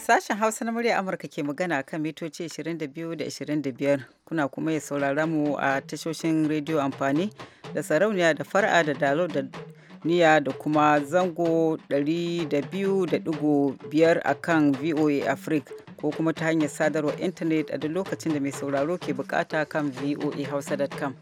Sashen Hausa na murya Amurka ke magana kan mitoci 22 da 25 kuna kuma ya saurara mu a tashoshin rediyo amfani da sarauniya da fara da dalo da niya da kuma zango 200.5 a kan VOA Africa ko kuma ta hanyar sadarwa intanet a duk lokacin da mai sauraro ke bukata kan voahausa.com.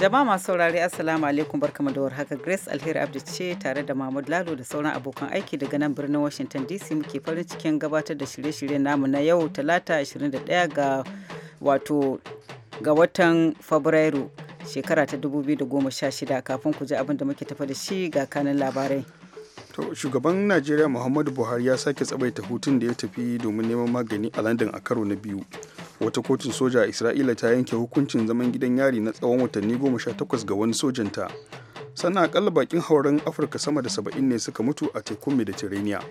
Jama'a masu saurari Assalamu alaikum barkamu da warhaka Grace Alheri Abdi ce tare da Mahmud Lalo da sauran abokan aiki daga nan birnin Washington DC muke farin cikin gabatar da shirye-shiryen namu na yau Talata 21 ga wato ga watan Fabrairu shekara ta 2016 kafin ku ji abin da muke tafa da shi ga kanin labarai. shugaban Najeriya Muhammadu Buhari ya sake tsabaita hutun da ya tafi domin neman magani a London a karo na biyu. wata kotun soja a isra'ila ta yanke hukuncin zaman gidan yari na tsawon watanni goma sha takwas ga wani sojanta sannan akalla bakin hauren afirka sama da saba'in ne suka mutu a tekun mediterranean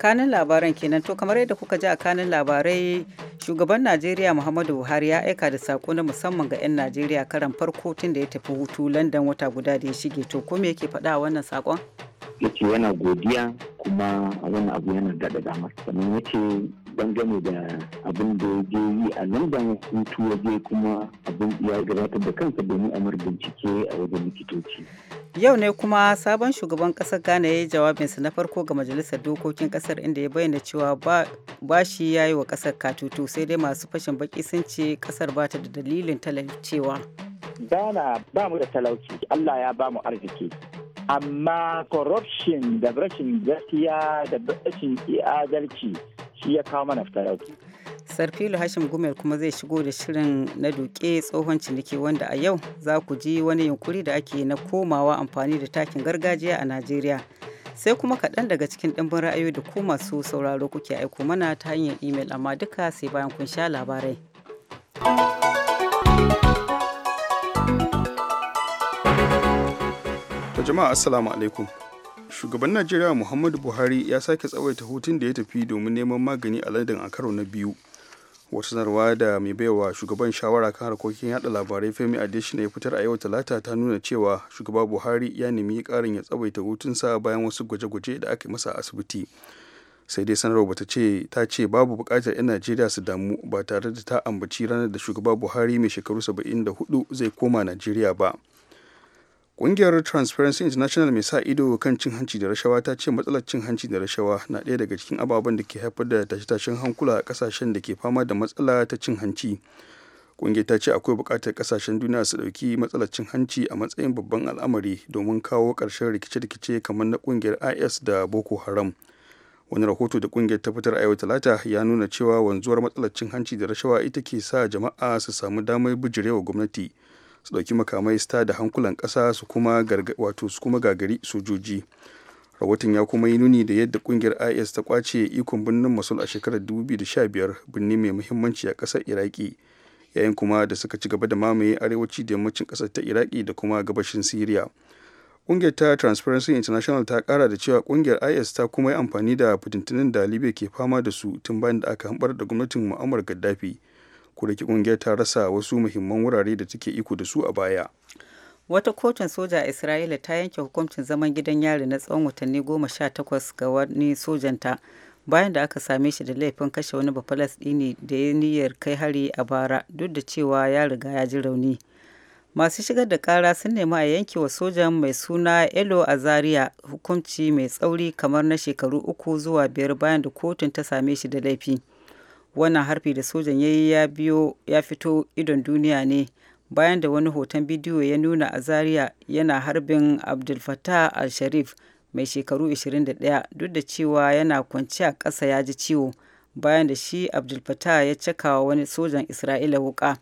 kanin labaran kenan to kamar yadda kuka ji a kanin labarai shugaban najeriya muhammadu buhari ya aika da sako na musamman ga 'yan najeriya karan farko tun da ya tafi hutu london wata guda da ya shige to ko me yake faɗa wannan sakon yace yana godiya kuma wannan abu yana daɗa damar sannan yace dangane da abin da ya yi a nan da hutu waje kuma abin ya gabatar da kansa domin amur bincike a wajen likitoci yau ne kuma sabon shugaban kasar ghana ya yi jawabinsa na farko ga majalisar dokokin kasar inda ya bayyana cewa ba shi ya yi wa kasar katutu sai dai masu fashin baki sun ce kasar ba ta da dalilin talaucewa ghana ba mu da talauci allah ya ba mu arziki amma corruption da rashin gaskiya da rashin adalci shi ya kawo mana fitar sarfilu hashim gumel kuma zai shigo da shirin na duke tsohon ciniki wanda a yau za ku ji wani yunkuri da ake na komawa amfani da takin gargajiya a najeriya sai kuma kaɗan daga cikin ɗimbin ra'ayoyi da ku masu sauraro kuke aiko mana ta hanyar imel amma duka sai bayan kun sha labarai jama'a assalamu alaikum shugaban najeriya muhammadu buhari ya sake tsawaita hutun da ya tafi domin neman magani a london a karo na biyu wata sanarwa da mai baiwa shugaban shawara kan harkokin yada labarai femi adesina ya fitar a yau talata ta nuna cewa shugaba buhari ya nemi karin ya tsawaita hutunsa bayan wasu gwaje-gwaje da aka masa asibiti sai dai sanarwa bata ce ta ce babu bukatar 'yan najeriya su damu ba tare da ta ambaci ranar da shugaba buhari mai shekaru saba'in da hudu zai koma najeriya ba Ƙungiyar Transparency International mai sa ido kan cin hanci da rashawa ta ce matsalar cin hanci da rashawa na ɗaya daga cikin ababen da ke haifar da tashe-tashen hankula a ƙasashen da ke fama da matsala ta cin hanci. Ƙungiyar ta ce akwai buƙatar ƙasashen duniya su ɗauki matsalar cin hanci a matsayin babban al'amari domin kawo ƙarshen rikice-rikice kamar na ƙungiyar IS da Boko Haram. Wani rahoto da ƙungiyar ta fitar a yau Talata ya nuna cewa wanzuwar matsalar cin hanci da rashawa ita ke sa jama'a su samu damar bijirewa gwamnati. gwamnati su ɗauki makamai su da hankulan ƙasa su kuma wato su kuma gagari sojoji rahoton ya kuma yi nuni da yadda kungiyar is ta kwace ikon birnin musul a shekarar 2015 birni mai muhimmanci a kasar iraki yayin kuma da suka ci gaba da mamaye arewaci da yammacin ƙasar ta iraki da kuma gabashin syria kungiyar ta transparency international ta kara da cewa kungiyar is ta kuma yi amfani da fitintunin da libya ke fama da su tun bayan da aka hambar da gwamnatin mu'ammar gaddafi ko da ta rasa wasu muhimman wurare da take iko da su a baya wata kotun soja a isra'ila ta yanke hukuncin zaman gidan yari na tsawon watanni goma sha takwas ga wani sojanta bayan da aka same shi da laifin kashe wani ɗini da ya niyyar kai hari a bara duk da cewa ya riga ya ji rauni masu shigar da kara sun nemi a yanke wa sojan mai suna elo a zaria hukunci mai tsauri kamar na shekaru uku zuwa biyar bayan da kotun ta same shi da laifi wannan harfi da sojan ya yi ya biyo ya fito idon duniya ne bayan da wani hoton bidiyo ya nuna a zaria yana harbin abdul fattah al-sharif mai shekaru 21 duk da cewa yana kwanci a ƙasa ya ji ciwo bayan da shi abdul fattah ya cakawa wani sojan isra'ila wuka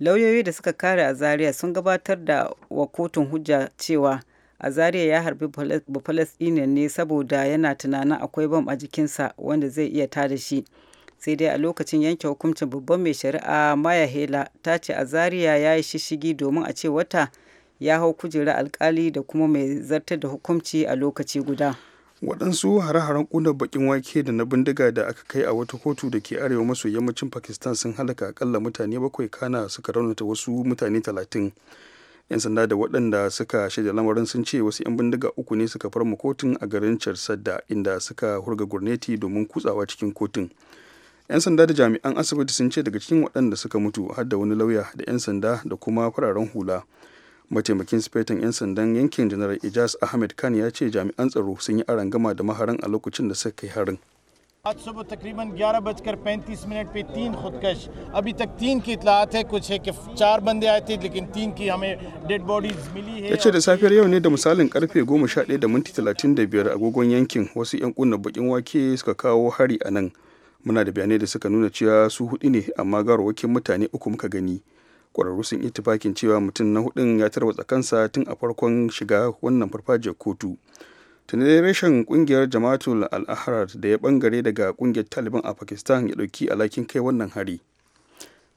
lauyoyi da suka kare a azariya sun gabatar da wa kotun hujja cewa a azariya ya harbi bafalasɗiniyan ne saboda yana tunanin akwai bam a jikinsa wanda zai iya tada shi sai dai a lokacin yanke hukuncin babban mai shari'a maya hela ta ce a zaria ya yi shishigi domin a ce wata ya hau kujera alkali da kuma mai zartar da hukunci a lokaci guda waɗansu hare-haren ƙuna bakin wake da na bindiga da aka kai a wata kotu da ke arewa maso yammacin pakistan sun halaka akalla mutane bakwai kana suka raunata wasu mutane talatin 'yan sanda da waɗanda suka shaida lamarin sun ce wasu 'yan bindiga uku ne suka farma kotun a garin charsadda inda suka hurga gurneti domin kutsawa cikin kotun 'yan sanda da jami'an asibiti sun ce daga cikin waɗanda suka mutu har da wani lauya da 'yan sanda da kuma fararen hula mataimakin sifetin 'yan sandan yankin janar ijaz ahmed khan ya ce jami'an tsaro sun yi arangama da maharan a lokacin da suka kai harin आज सुबह तकरीबन ग्यारह बजकर पैंतीस मिनट पे तीन खुदकश अभी तक तीन की इतलात है कुछ है कि चार बंदे आए थे लेकिन तीन की हमें डेड बॉडीज मिली है yace da safiyar yau ne da misalin karfe 11 da minti 35 agogon yankin wasu 'yan kunna bakin wake suka kawo hari a nan muna da bayanai da suka nuna cewa su hudu ne amma garwakin mutane uku muka gani kwararru sun itifakin cewa mutum na hudun ya tarwatsa kansa tun a farkon shiga wannan farfajiyar kotu tunanin rashin kungiyar jama'atul al-ahrar da ya bangare daga kungiyar taliban a pakistan ya dauki alakin kai wannan hari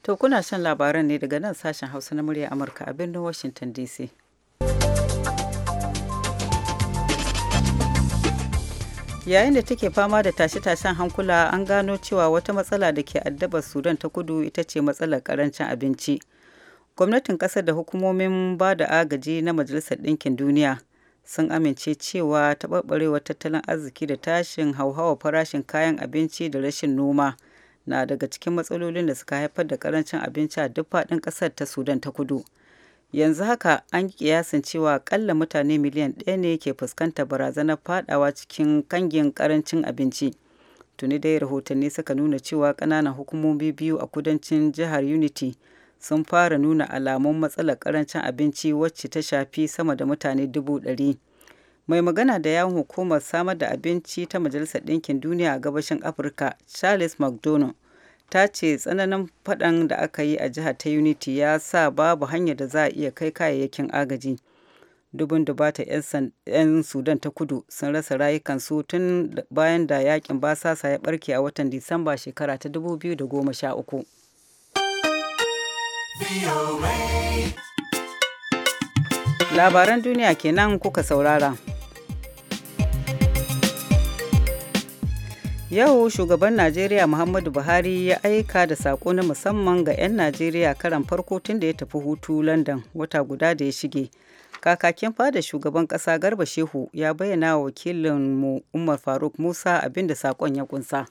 to kuna shan labaran ne daga nan sashen hausa na murya amurka a birnin washington dc yayin da take fama da tashe-tashen hankula an gano cewa wata matsala da ke addabar sudan ta kudu ita ce matsalar karancin abinci gwamnatin kasar da hukumomin ba da agaji na majalisar ɗinkin duniya sun amince cewa taɓarɓarewar tattalin arziki da tashin hauhawa farashin kayan abinci da rashin noma na daga cikin matsalolin da suka haifar da karancin abinci a duk faɗin ƙasar ta sudan ta kudu yanzu haka an kiyasin cewa akalla mutane miliyan ɗaya ne ke fuskantar barazanar fadawa cikin kangin karancin abinci tuni dai rahotanni suka nuna cewa ƙananan hukumomi biyu a kudancin jihar unity sun fara nuna alamun matsalar karancin abinci wacce ta shafi sama da mutane dubu ɗari mai magana da yawon hukumar samar da abinci ta majalisar ɗinkin duniya a gabashin afirka charles mcdonald ta ce tsananin faɗan da aka yi a jihar ta unity ya sa babu hanyar da za a iya kai kayayyakin agaji dubin dubata 'yan sudan ta kudu sun rasa rayukansu tun bayan da yakin basasa ya barke a watan disamba shekara ta 2013 labaran duniya kenan kuka saurara Yau shugaban Najeriya Muhammadu Buhari ya aika da sako na musamman ga 'yan Najeriya karan farko tun da ya tafi hutu London wata guda da ya shige. Kakakin fada shugaban ƙasa Garba Shehu ya bayyana wa wakilinmu Umar Faruk Musa abin da sakon ya kunsa.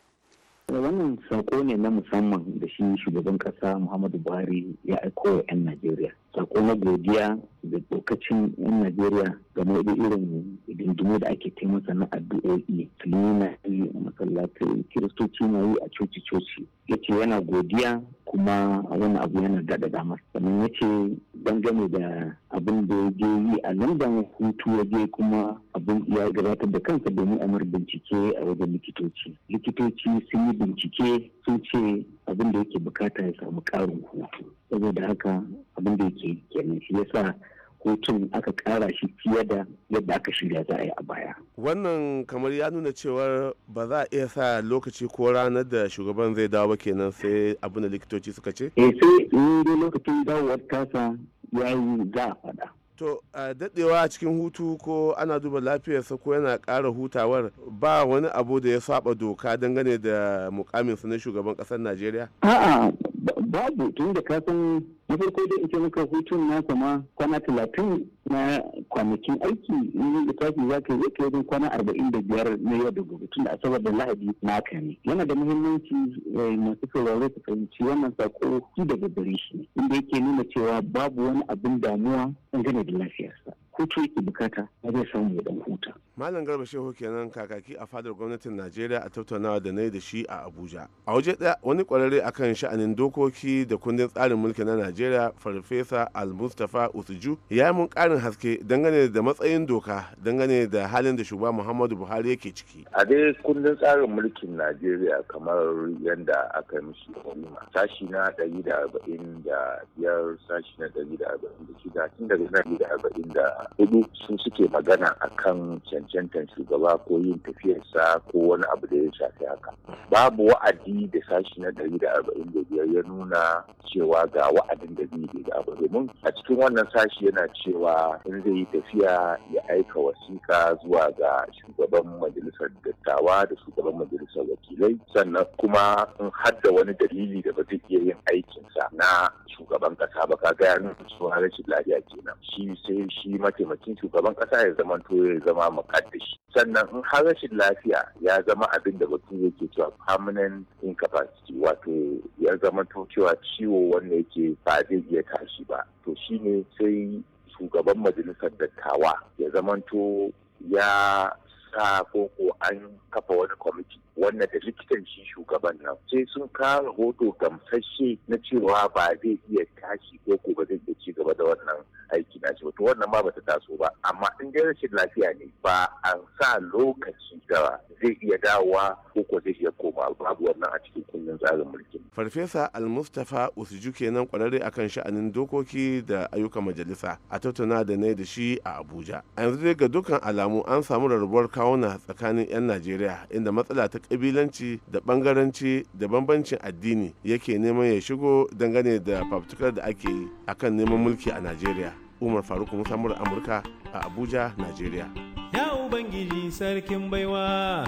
Wannan sako ne na musamman da shi shugaban ƙasa Muhammadu Buhari ya aiko wa 'yan Najeriya. ta na godiya da dokacin yan najeriya game da irin dindimu da ake taimaka na addu'o'i musulmi na yi masallatai kiristoci na yi a coci coci yace yana godiya kuma wani abu yana daɗa dama sannan yace dangane da abin da ya je yi a london hutu ya je kuma abin ya gabatar da kansa domin amur bincike a wajen likitoci likitoci sun yi bincike sun ce abin da yake bukata ya samu karin hutu saboda haka abin da yake kenan shi yasa hutun aka kara shi fiye da yadda aka shirya za a yi a baya. Wannan kamar ya nuna cewar ba za a iya sa lokaci ko ranar da shugaban zai dawo kenan sai abin da likitoci suka ce? Eh sai in lokacin dawowar kasa, ya yi za a faɗa to a dadewa cikin hutu ko ana duba lafiyarsa ko yana ƙara hutawar ba wani abu da ya saba doka dangane da mukaminsa na shugaban ƙasar najeriya a'a babu tun da kasan na farko da ita muka hutun na kama kwana talatin na kwanakin aiki in da tafi za ka yi kai kwana arba'in da biyar na yau da gobe tun da asabar da lahadi na ka ne yana da muhimmanci eh, masu sauraro su fahimci wannan sako su daga gare shi inda yake nuna cewa babu wani abin damuwa dangane da lafiyarsa hutu yake bukata ba zai samu ya dan huta. Malam Garba Shehu kenan kakaki a fadar gwamnatin Najeriya a tattaunawa da na yi da shi a Abuja. A waje ɗaya wani kwararre akan sha'anin dokoki da kundin tsarin mulki na Najeriya Farfesa Al-Mustapha Usuju ya yi mun ƙarin haske dangane da matsayin doka dangane da halin da shugaba Muhammadu Buhari yake ciki. A dai kundin tsarin mulkin Najeriya kamar yadda aka mishi kalima sashi na ɗari da arba'in da biyar sashi na ɗari da arba'in da shida tun daga ɗari da arba'in da hudu sun suke magana akan cancantar shugaba ko yin tafiyarsa ko wani abu da ya shafi haka babu wa'adi da sashi na ɗari da arba'in da biyar ya nuna cewa ga wa'adin da zai da abu domin a cikin wannan sashi yana cewa in zai yi tafiya ya aika wasiƙa zuwa ga shugaban majalisar dattawa da shugaban majalisar wakilai sannan kuma in hadda wani dalili da ba zai iya yin aikinsa na shugaban ƙasa ba ka gaya nuna cewa rashin lafiya kenan shi sai shi mata mataimakin shugaban kasa ya zama to ya zama mukaddashi sannan in har rashin lafiya ya zama abin da batu yake cewa permanent incapacity wato ya zama to cewa ciwo wanda yake ba zai iya tashi ba to shine sai shugaban majalisar dattawa ya zamanto ya sa koko an kafa wani kwamiti wannan da likitan shi shugaban nan sai sun kawo rahoto gamsashe na cewa ba zai iya tashi ko ko ba zai iya ci gaba da wannan aiki na shi ba to wannan ma bata taso ba amma in dai rashin lafiya ne ba an sa lokaci da zai iya dawowa ko ko zai iya koma babu wannan a cikin kundin tsarin mulkin farfesa almustafa usuju kenan kwararre akan sha'anin dokoki da ayyukan majalisa a tattauna da ne da shi a abuja a yanzu dai ga dukkan alamu an samu rarrabuwar kawuna tsakanin 'yan najeriya inda matsala ta kabilanci da bangaranci da bambancin addini yake neman ya shigo dangane da fafutukar da ake yi akan neman mulki a najeriya umar faruk musa mura amurka a abuja najeriya ya ubangiji sarkin baiwa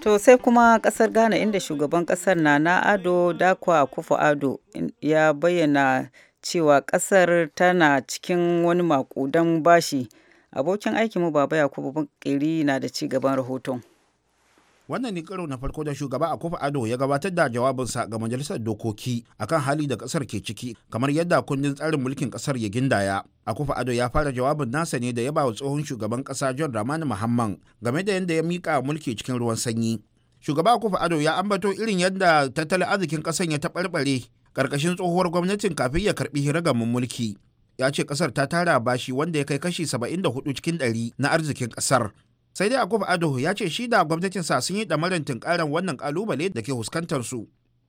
To sai kuma kasar Ghana inda shugaban kasar na Ado Dakwa Akufo Ado ya bayyana cewa kasar tana cikin wani makudan bashi. Abokin aikinmu Baba Yakubu Bakiri na da ci gaban rahoton. wannan ne karo na farko da shugaba a kofa ado ya gabatar da jawabinsa ga majalisar dokoki akan hali da kasar ke ciki kamar yadda kundin tsarin mulkin kasar ya gindaya a kofa ado ya fara jawabin nasa ne da ya bawa tsohon shugaban kasa john ramani muhamman game da yadda ya mika mulki cikin ruwan sanyi shugaba a kofa ado ya ambato irin yadda tattalin arzikin kasar ya taɓarɓare karkashin tsohuwar gwamnatin kafin ya karɓi ragamin mulki ya ce kasar ta tara bashi wanda ya kai kashi 74 cikin 100 na arzikin kasar sai dai akwai ado ya ce shi da gwamnatinsa sun yi damarin tunkarar wannan kalubale da ke huskantar su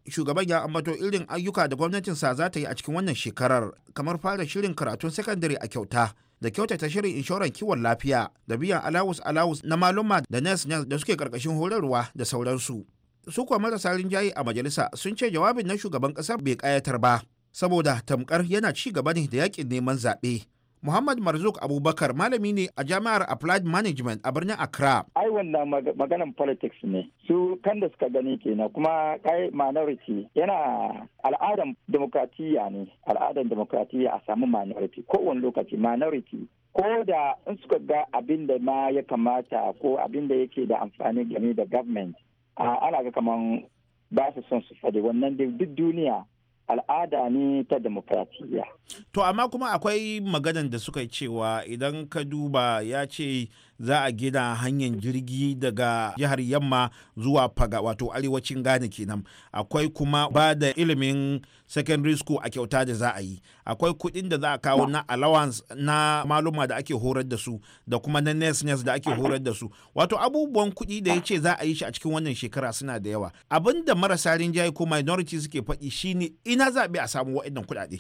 shugaban ya ambato irin ayyuka da gwamnatinsa za ta yi a cikin wannan shekarar kamar fara shirin karatun sakandare a kyauta da kyautata shirin inshoran kiwon lafiya da biyan alawus alawus na maluma da nes nes da suke karkashin horarwa da sauransu su kuwa marasa rinjaye a majalisa sun ce jawabin na shugaban kasar bai kayatar ba saboda tamkar yana ci gaba ne da yakin neman zaɓe Muhammad Marzuk Abubakar malami ne a jami'ar Applied Management a birnin Accra. Ai wannan maganan politics ne. Su kan da suka gani kenan kuma kai minority yana al'adan demokratiya ne. al'adar demokratiya a samu minority kowane lokaci minority ko da in suka ga abin da ma ya kamata ko abin da yake da amfani game da government ana ga kaman ba su son su fadi wannan duk duniya al'ada ne ta demokratiya. To amma kuma akwai maganan da suka cewa idan ka duba ya ce za a gina hanyar jirgi daga jihar yamma zuwa faga wato arewacin gane kenan akwai kuma ba da ilimin secondary school a kyauta da za a yi akwai kuɗin da za a kawo na allowance na maluma da ake horar da su da kuma na nes nes da ake horar da su wato abubuwan kuɗi da ya ce za a yi shi a cikin wannan shekara suna da yawa abin da marasa rinjaye ko minority suke faɗi shine ina zaɓe a samu waɗannan kuɗaɗe.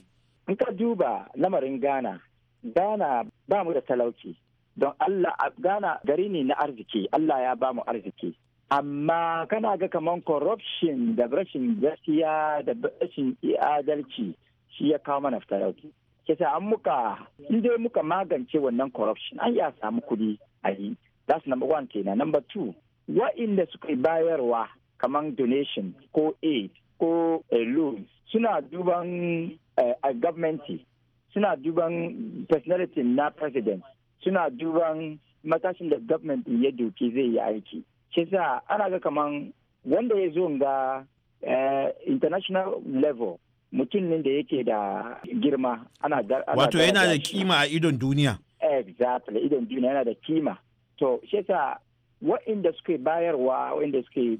in ka duba lamarin ghana ghana ba mu da talauci don Allah gana gari ne na arziki Allah ya ba mu arziki amma kana ga kaman corruption da rashin gaskiya da rashin adalci shi ya kawo mana fitarauki. kisa an muka inda dai muka magance wannan corruption an ya samu kuɗi a yi that's number one kenan number two wa'inda suka bayarwa kaman donation ko aid ko eh, loan suna duban eh, a government suna duban personality na president suna duban matashin da government ya doke zai yi aiki shi sa ana ga kaman wanda ya zo ga eh, international level mutum ne da yake da girma ana wato yana da kima a idon duniya exactly idon duniya yana da kima to shi sa wa'inda suke bayarwa wa'inda suke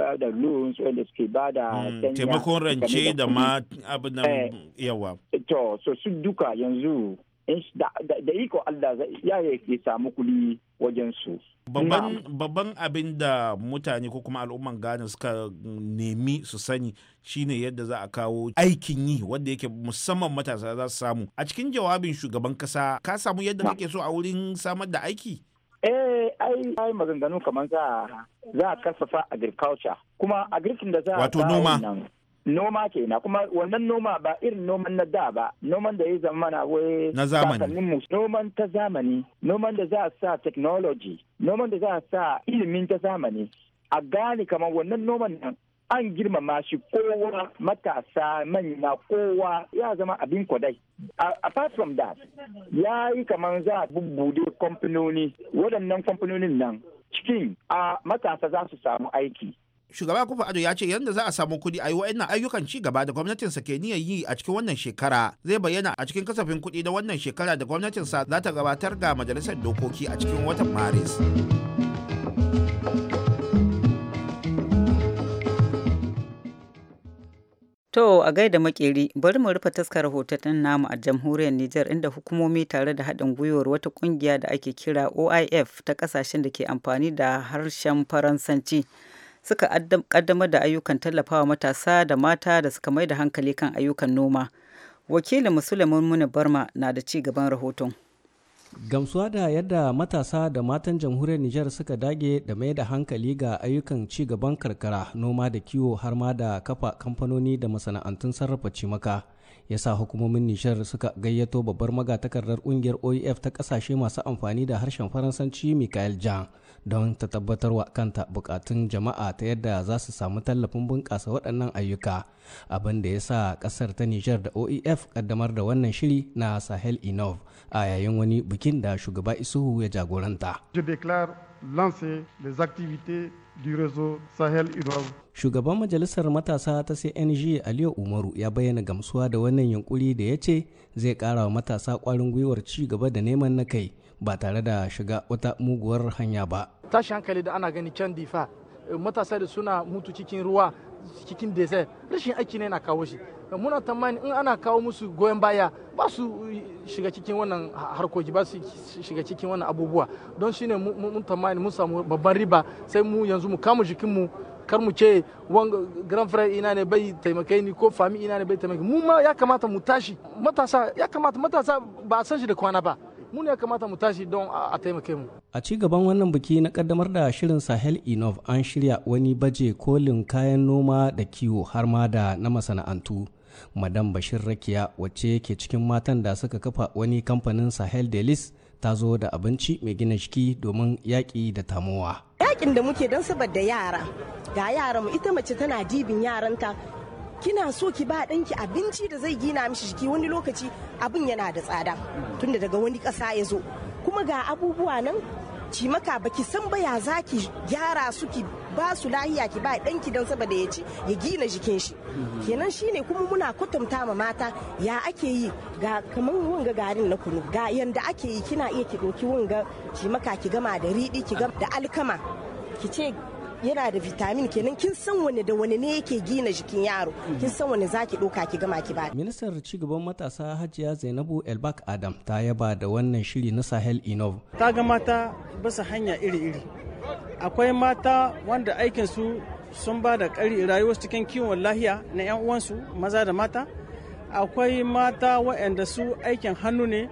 ba da loans wa'inda suke ba da hmm, taimakon rance da ma abin eh. yawa to so su duka yanzu Eh, da iko Allah ya ke samu kuli wajen su. Babban abin da mutane ko kuma al'umman Ghana suka nemi su sani shine yadda za a kawo aikin yi wanda yake musamman matasa za su samu. A cikin jawabin shugaban kasa ka samu yadda kake so a wurin samar da aiki? Eh, ai, ai maganganu kamar za a kasafa agriculture. Kuma agrikin da za a Wato noma. noma ke na kuma wannan noma ba irin noman na da ba noman da ya zama mana wai na zamani noman ta zamani noman da za a sa technology noman da za a sa ilimin ta zamani a gane kamar wannan noman nan an girmama shi kowa matasa manya kowa ya zama abin kwadai apart from that ya yi kamar za a bubbude kamfanoni waɗannan kamfanonin nan cikin a matasa za su samu aiki shugaban kufa ado ya ce yadda za a samu kudi a yi wa'annan ayyukan ci gaba da sa ke niyyar yi a cikin wannan shekara zai bayyana a cikin kasafin kudi na wannan shekara da sa za ta gabatar ga majalisar dokoki a cikin watan maris To a gaida makeri bari mu rufe taskar rahotannin namu a jamhuriyar Nijar inda hukumomi tare da haɗin gwiwar wata ƙungiya da ake kira OIF ta ƙasashen da ke amfani da harshen Faransanci. suka kaddamar da ayyukan tallafawa matasa da mata da suka mai da hankali kan ayyukan noma. Wakilin Musulmin Muni Barma na da ci gaban rahoton. Gamsuwa da yadda matasa da matan jamhuriyar Nijar suka dage da mai da hankali ga ayyukan ci gaban karkara noma da kiwo har ma da kafa kamfanoni da masana'antun sarrafa cimaka. ya sa hukumomin Nijar suka gayyato babbar magatakardar kungiyar OEF ta kasashe masu amfani da harshen Faransanci Michael Jan don ta tabbatar wa kanta bukatun jama'a ta yadda za su samu tallafin bunƙasa waɗannan ayyuka abin da ya sa ƙasar ta Nijar da OEF ƙaddamar da wannan shiri na Sahel Inov a yayin wani bikin da shugaba Isuhu ya jagoranta. Shugaban majalisar matasa ta CNG Aliyu Umaru ya bayyana gamsuwa da wannan yunkuri da ya ce zai ƙara wa matasa kwarin gwiwar ci gaba da neman na kai ba tare da shiga wata muguwar hanya ba tashi hankali da ana gani can difa eh, matasa da suna mutu cikin ruwa cikin desert rashin aiki ne na kawo shi eh, muna tamani in ana kawo musu goyon baya ba su eh, shiga cikin wannan harkoki ba su shiga cikin wannan abubuwa don ne mun tamani mun samu babban riba sai mu yanzu mu kama jikinmu kar mu ce grand frère ina ne bai taimakai ni ko fami ina ne bai taimakai mu ma ya kamata mu tashi matasa ya kamata matasa ba a san shi da kwana ba mu ne kamata mu tashi don a taimake mu a ci gaban wannan biki na kaddamar da shirin sahel inov an shirya wani baje kolin kayan noma da kiwo har ma da na masana'antu madam bashir rakiya wacce ke cikin matan da suka kafa wani kamfanin sahel delis ta zo da abinci mai gina shiki domin yaƙi da tamowa yaƙin da muke don saboda yara ga yaran mu ita mace tana dibin yaranta kina so ki ba danki abinci da zai gina mishi jiki wani lokaci abin yana da tsada tunda daga wani ƙasa ya zo kuma ga abubuwa nan maka baki san baya ya za ki gyara su ki ba su lahiya ki ba danki dan saboda ya ci ya gina jikin shi kenan shine kuma muna kwatanta ma mata ya ake yi ga kamar wanga garin na kunu ga yanda ake yi kina iya ki ɗauki wanga maka ki gama da riɗi ki gama da alkama ki ce yana da vitamin kenan kin san wani da wani ne yake gina jikin yaro mhm. kin san wani zaki doka ki gama ki ba ministar gaban matasa Hajiya Zainabu Elbak Adam ta yaba da wannan shiri na Sahel inov ta ga mata basa hanya iri-iri akwai mata wanda aikin su sun ba da ƙari rayuwar cikin kiwon lahiya na 'yan uwansu maza da mata akwai mata waɗanda su aikin hannu ne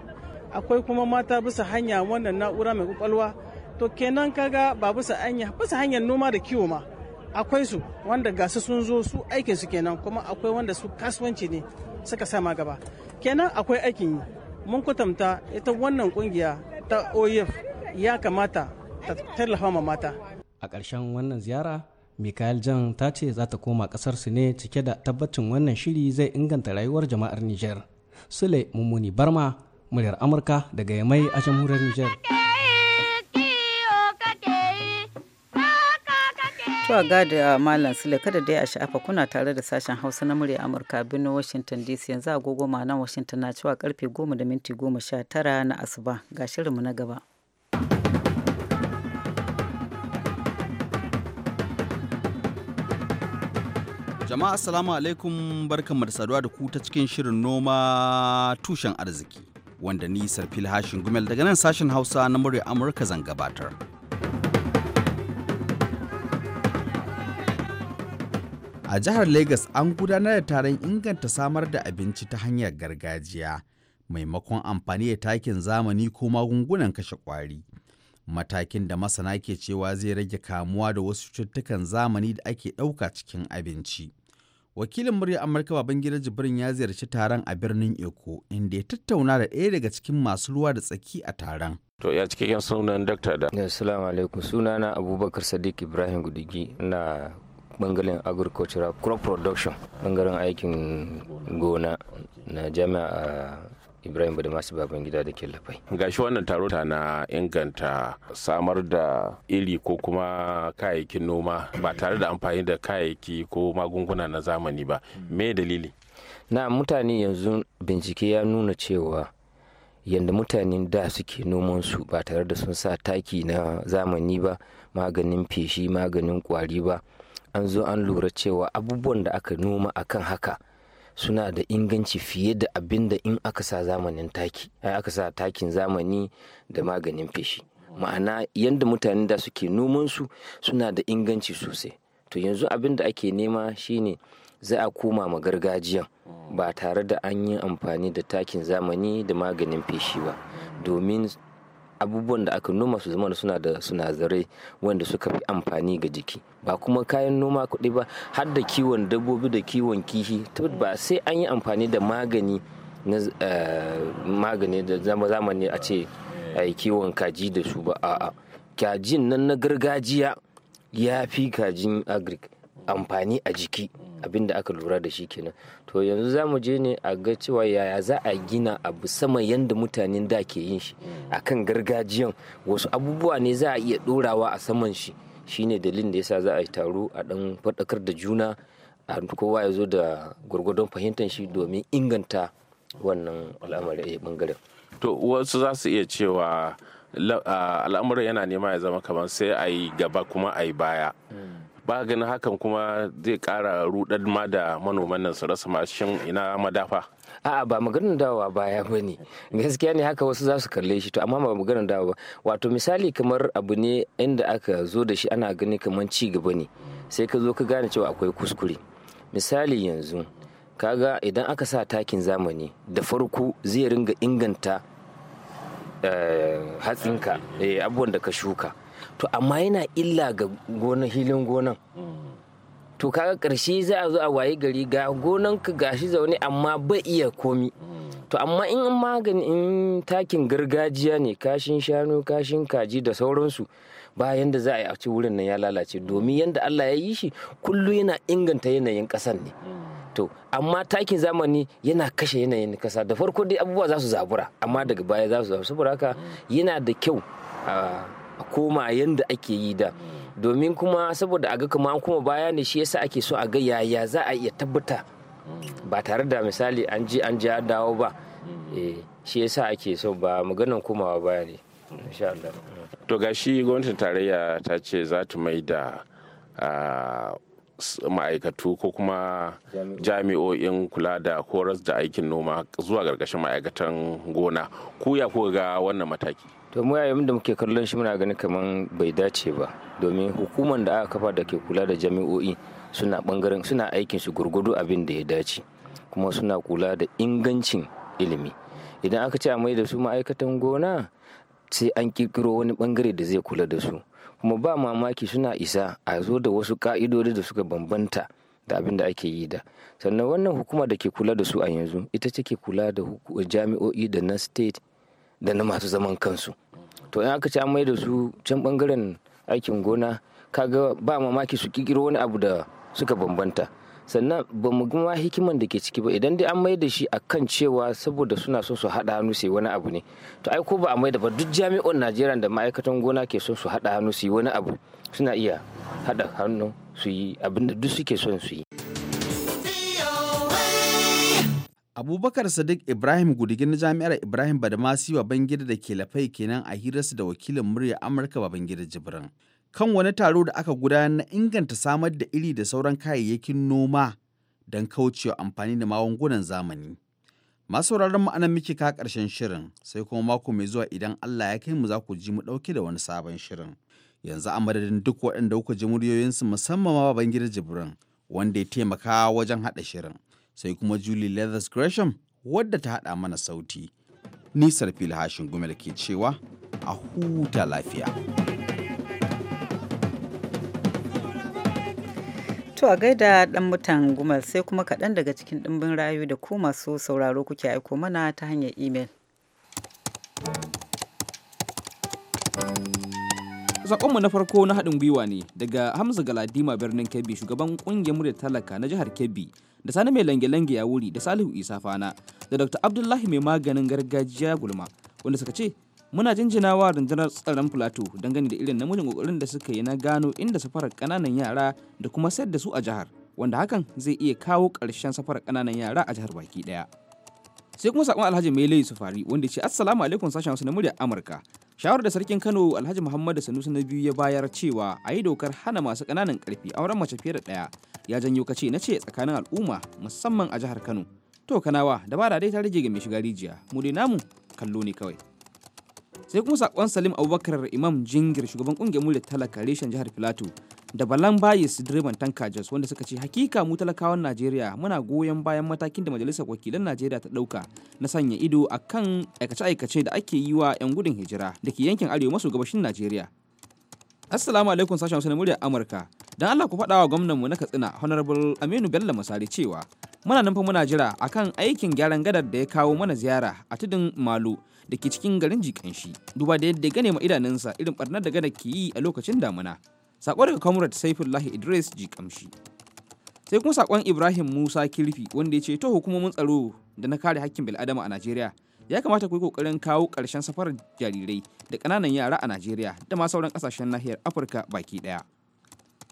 akwai kuma mata bisa hanya wannan na'ura mai kwakwalwa to kenan kaga ba bisa hanya bisa hanyar noma da kiwo ma akwai su wanda gasu sun zo su aikin su kenan kuma akwai wanda su kasuwanci ne suka sama gaba kenan akwai aikin yi mun kwatanta ita wannan kungiya ta oif e ya kamata ta tallafa ma mata a ƙarshen wannan ziyara Mikael Jan ta ce za ta koma ƙasar su ne cike da tabbacin wannan shiri zai inganta rayuwar jama'ar Nijar. Sule Mummuni Barma, muryar Amurka daga Yamai a jamhuriyar niger. To gada ah, Malam Sule kada dai a sha'afa kuna tare da sashen Hausa na murya Amurka birnin Washington DC yanzu agogo nan Washington na cewa karfe 10 da minti 19 na asuba ga shirinmu na gaba. Jama'a assalamu alaikum barkan da saduwa da ku ta cikin shirin noma tushen arziki wanda ni Sarfil Hashin Gumel daga nan sashen Hausa na murya Amurka zan gabatar. A jihar Legas an gudanar da taron inganta samar da abinci ta hanyar gargajiya maimakon amfani da takin zamani ko magungunan kashe kwari Matakin da masana ke cewa zai rage kamuwa da wasu cututtukan zamani da ake ɗauka cikin abinci. Wakilin murya Amurka Babangida Jibrin ya ziyarci taron a birnin Eko inda ya tattauna da ɗaya daga cikin masu ruwa da tsaki a taron. to ya cikin sunan dakta da assalamu alaikum sunana abubakar sadiq ibrahim gudigi na bangaren agricultural crop production bangaren aikin gona na jami'a uh, ibrahim da masu baban gida da ke lafai shi wannan taro ta na inganta samar da iri ko kuma kayayyakin noma ba tare da amfani da kayayyaki ko magunguna na zamani ba me dalili na mutane yanzu bincike ya nuna cewa yadda mutane da suke noman su ba tare da sun sa taki na zamani ba maganin feshi maganin kwari ba an zo an lura cewa abubuwan da aka noma a kan haka suna da inganci fiye da abin da in aka sa zamanin taki eh, aka sa takin zamani da maganin feshi ma'ana yadda mutanen da suke nomansu suna da inganci sosai to yanzu abin da ake nema shine za a koma ma gargajiyan ba tare da an yi amfani da takin zamani da maganin feshi ba domin abubuwan da aka noma su zama suna da sinadarai wanda suka fi amfani ga jiki ba kuma kayan noma kuɗi ba har da kiwon dabbobi da kiwon kihi ba sai an yi amfani da magani na eh, magani da zamani a ce a eh, yi kiwon kaji da su ba a'a kajin nan na gargajiya ya fi kajin agric amfani a jiki abinda aka lura da shi kenan to yanzu za mu je ne a ga cewa yaya za a gina abu sama yadda mutanen da ke yin shi a kan gargajiyan wasu abubuwa ne za a iya ɗorawa a saman shi shine dalilin da yasa za a yi taro a ɗan faɗakar da juna a kowa ya zo da gwargwadon fahimtar shi domin inganta wannan al'amari a bangaren to wasu za su iya cewa al'amuran yana nema ya zama kamar sai a yi gaba kuma a yi baya hmm. ba ganin hakan kuma zai kara rudar ma da manoman nan su rasa mashin ina madafa a'a ba maganin dawa baya ba ne gaskiya ne haka wasu za su kalle shi to amma ba maganin dawa ba wato misali kamar abu ne inda aka zo da shi ana gani kamar ci gaba ne sai ka zo ka gane cewa akwai kuskure misali yanzu kaga idan aka sa takin zamani da farko zai ringa inganta eh, hatsinka eh, abubuwan da ka shuka to amma yana illa ga gona hilin gonan to kaga karshe za a zo a waye gari ga gonan ka gashi zaune amma ba iya komi to amma in magani in takin gargajiya ne kashin shanu kashin kaji da sauransu bayan da za a yi a ci wurin nan ya lalace domin yanda Allah ya yi shi kullu yana inganta yanayin ƙasan ne to amma takin zamani yana kashe yanayin ƙasa da farko dai abubuwa za su zabura amma daga baya za su zabura saboda haka yana da kyau a ah, a koma yanda ake yi da domin kuma saboda a ga kuma an kuma baya ne shi yasa ake so a ga yaya za a iya tabbata ba tare da misali an ji an ja dawo ba eh, shi yasa ake so ba maganan komawa baya ne to ga to gashi gwamnatin tarayya ta ce za ta mai da ma'aikatu ko kuma jami'o'in kula da horas da aikin noma zuwa ƙarƙashin ma'aikatan gona ku ya ga wannan mataki to mu yayin da muke kallon shi muna ganin kaman bai dace ba domin hukumar da aka kafa da ke kula da jami'o'i suna bangaren suna aikin su gurgudu abin da ya dace kuma suna kula da ingancin ilimi idan aka ce a mai da su ma'aikatan gona sai an kirkiro wani bangare da zai kula da su kuma ba mamaki suna isa a zo da wasu ka'idodi da suka bambanta da abin da ake yi da sannan wannan hukuma da ke kula da su a yanzu ita ce ke kula da jami'o'i da na state da na masu zaman kansu to in aka ci an mai da su can bangaren aikin gona kaga ba mamaki su kikiro wani abu da suka bambanta sannan ba mu gama hikiman da ke ciki ba idan dai an mai da shi akan cewa saboda suna son su haɗa hannu su yi wani abu ne to ai ko ba a mai da ba duk jami'on najeriya da ma'aikatan gona ke son su haɗa hannu su yi wani abu suna iya haɗa hannu su yi abin da duk suke son su yi abubakar sadiq ibrahim gudigin na jami'ar ibrahim badamasi wa babangida da ke lafai kenan a hirarsu da wakilin murya amurka babangida jibrin kan wani taro da aka gudanar na inganta samar da iri da sauran kayayyakin noma don kaucewa amfani da magungunan zamani masu mu anan miki ka karshen shirin sai kuma mako mai zuwa idan allah ya kai mu za ku ji mu ɗauke da wani sabon shirin yanzu a madadin duk waɗanda kuka ji muryoyinsu musamman ma babangida jibrin wanda ya taimaka wajen haɗa shirin sai kuma Julie Leathers Gresham wadda ta haɗa mana sauti. Nisar hashin gumel ke cewa a huta lafiya. To a gaida ɗan mutan gumal sai kuma kaɗan daga cikin ɗimbin rayu da ku masu sauraro kuke aiko mana ta hanyar imel. Sakonmu na farko na haɗin gwiwa ne daga Hamza Galadima birnin Kebbi shugaban ƙungiyar murya talaka na jihar Kebbi da sani mai lange-lange ya wuri da salihu isa fana da dr abdullahi mai maganin gargajiya gulma wanda suka ce muna jinjina wa rundunar tsaron plateau dangane da irin namijin kokarin da suka yi na gano inda safarar kananan yara da kuma sayar da su a jihar wanda hakan zai iya kawo ƙarshen safarar kananan yara a jihar baki daya sai kuma sakon alhaji mai layi sufari wanda ce assalamu alaikum sashen wasu na murya amurka shawarar da sarkin kano alhaji muhammadu sanusi na biyu ya bayar cewa a yi dokar hana masu ƙananan ƙarfi auren mace fiye da ɗaya ya janyo kace na ce tsakanin al'umma musamman a jihar kano to kanawa dabara dai ta rage ga mai shiga rijiya mu dai namu kallo ne kawai sai kuma sakon salim abubakar imam jingir shugaban kungiyar mulki talaka reshen jihar filato da balan bayis direban tanka jos wanda suka ce hakika mu talakawan najeriya muna goyon bayan matakin da majalisar wakilan najeriya ta dauka na sanya ido a kan aikace-aikace da ake yi wa 'yan gudun hijira da ke yankin arewa maso gabashin najeriya assalamu alaikum sashen wasu na muryar amurka don allah ku faɗa wa mu na katsina honorable aminu bello masari cewa muna nan muna jira akan aikin gyaran gadar da ya kawo mana ziyara a tudun malu da ke cikin garin jikanshi duba da yadda gane ma idanunsa irin barnar da gada ke yi a lokacin damuna sako daga comrade saifullahi idris jikamshi sai kuma sakon ibrahim musa kirfi wanda ya ce to hukumomin tsaro da na kare hakkin bil'adama a najeriya ya kamata ku yi kokarin kawo karshen safarar jarirai da ƙananan yara a najeriya da ma sauran kasashen nahiyar afirka baki ɗaya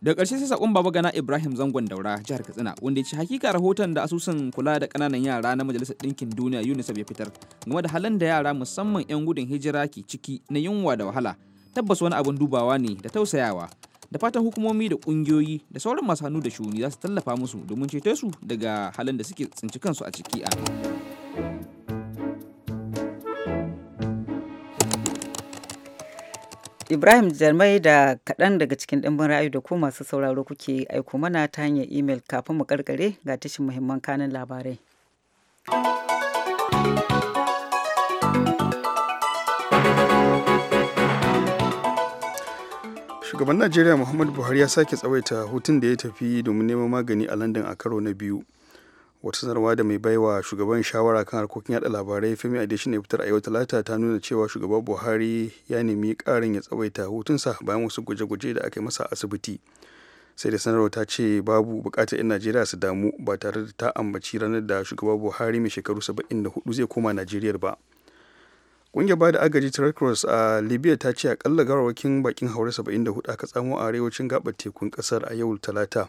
da ƙarshe sai sakon baba gana ibrahim zangon daura jihar katsina wanda ya ce hakika rahoton da asusun kula da ƙananan yara na majalisar ɗinkin duniya unicef ya fitar game da halin da yara musamman 'yan gudun hijira ke ciki na yunwa da wahala tabbas wani abin dubawa ne da tausayawa da fatan hukumomi da ƙungiyoyi da sauran masu hannu da shuni za su tallafa musu domin ceto su daga halin da suke tsinci kansu a ciki a Ibrahim Jarmai da kaɗan daga cikin ɗimbin ra'ayi da ku masu sauraro kuke aiko mana ta hanyar imel kafin mu karkare ga tashin muhimman kanin labarai. Shugaban Najeriya Muhammadu Buhari ya sake tsawaita hutun da ya tafi domin neman magani a London a karo na biyu. wata sanarwa da mai baiwa shugaban shawara kan harkokin yada labarai femi adesina ya fitar a yau talata ta nuna cewa shugaban buhari ya nemi karin ya tsawaita hutunsa bayan wasu gwaje-gwaje da aka yi masa asibiti sai da sanarwa ta ce babu bukatar 'yan najeriya su damu ba tare da ta ambaci ranar da shugaba buhari mai shekaru 74 zai koma najeriya ba ƙungiyar ba da agaji ta red cross a libya ta ce akalla gawarwakin bakin haure 74 aka tsamo a arewacin gabar tekun kasar a yau talata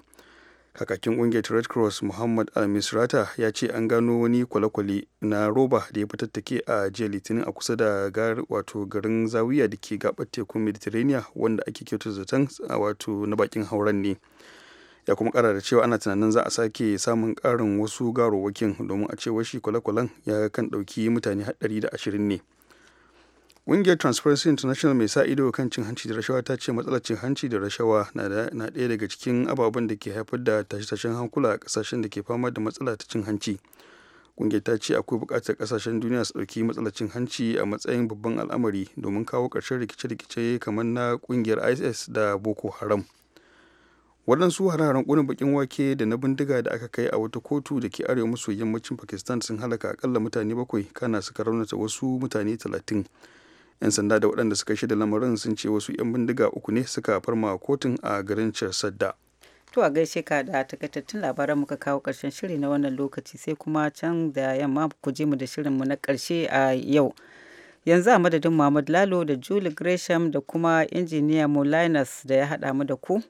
kakakin ƙungiyar red cross muhammad al-misrata ya ce an gano wani kwale na roba da ya fitattake a jiya litinin a kusa da wato garin zawiya da ke gabar tekun mediterranean wanda ake kyautar zaton wato na bakin hauren ne ya kuma kara da cewa ana tunanin za a sake samun karin wasu garowakin domin a cewa shi kwale-kwalen ya kan ɗauki mutane haɗari ne ƙungiyar transparency international mai sa ido kan cin hanci da rashawa ta ce matsalar cin hanci da rashawa na ɗaya daga cikin ababen da ke haifar da tashe-tashen hankula a ƙasashen da ke fama da matsala ta cin hanci ƙungiyar ta ce akwai buƙatar ƙasashen duniya su ɗauki matsalar cin hanci a matsayin babban al'amari domin kawo ƙarshen rikice-rikice kamar na ƙungiyar isis da boko haram waɗansu hararen ƙunin bakin wake da na bindiga da aka kai a wata kotu da ke arewa maso yammacin pakistan sun halaka akalla mutane bakwai kana suka raunata wasu mutane talatin 'yan sanda da waɗanda suka shida lamarin sun ce wasu 'yan bindiga uku ne suka farma kotun a garin sadda to a gaishe ka da takaitattun labaran muka kawo karshen shiri na wannan lokaci sai kuma can da yamma ku je mu da shirin mu na karshe a yau yanzu a madadin Muhammad Lalo da Julie Gresham da kuma injiniya Molinas da ya haɗa mu da ku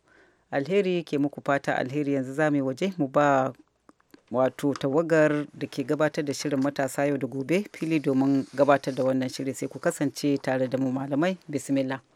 alheri ke muku fata alheri yanzu za mu waje mu ba wato tawagar da ke gabatar da shirin matasa yau da gobe fili domin gabatar da wannan shirin sai ku kasance tare da mu malamai bismillah